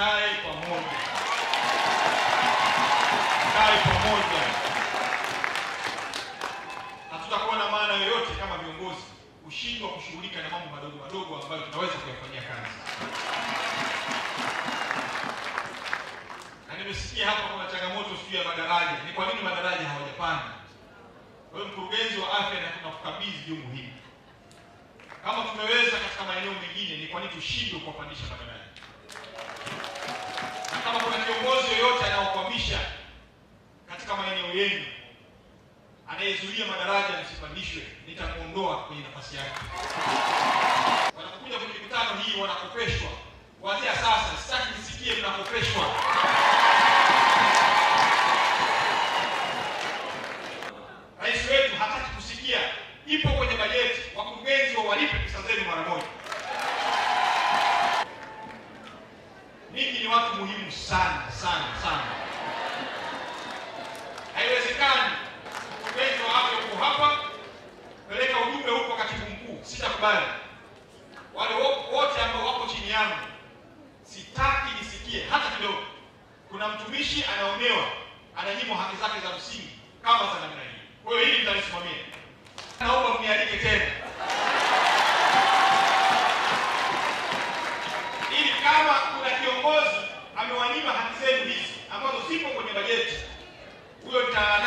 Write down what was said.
Tukae pamoja, tukae pamoja. Hatutakuwa na maana yoyote kama viongozi kushindwa kushughulika na mambo madogo madogo ambayo tunaweza kuyafanyia kazi. Na nimesikia hapa kuna changamoto sijui ya madaraja, ni kwa nini madaraja hawajapanda? Kwa hiyo mkurugenzi wa afya, na tunakukabidhi jukumu hili. Kama tumeweza katika maeneo mengine, ni kwa nini tushindwe kuwapandisha madaraja? anayezuia madaraja yasipandishwe nitamuondoa kwenye nafasi yake. Wanakuja kwenye mikutano hii wanakopeshwa, kuanzia sasa sitaki nisikie mnakopeshwa. Rais wetu hataki kusikia, ipo kwenye bajeti, wakurugenzi wa walipe pesa zenu mara moja. Ninyi ni watu muhimu sana sana sana. sitakubali. Wale wote ambao wako chini yangu sitaki nisikie hata kidogo. Kuna mtumishi anaonewa, ananyimwa haki zake za msingi kama za namna hii. Kwa hiyo hili mtanisimamia, naomba mnialike tena ili kama kuna kiongozi amewanyima haki zenu hizi ambazo zipo kwenye bajeti, huyo ta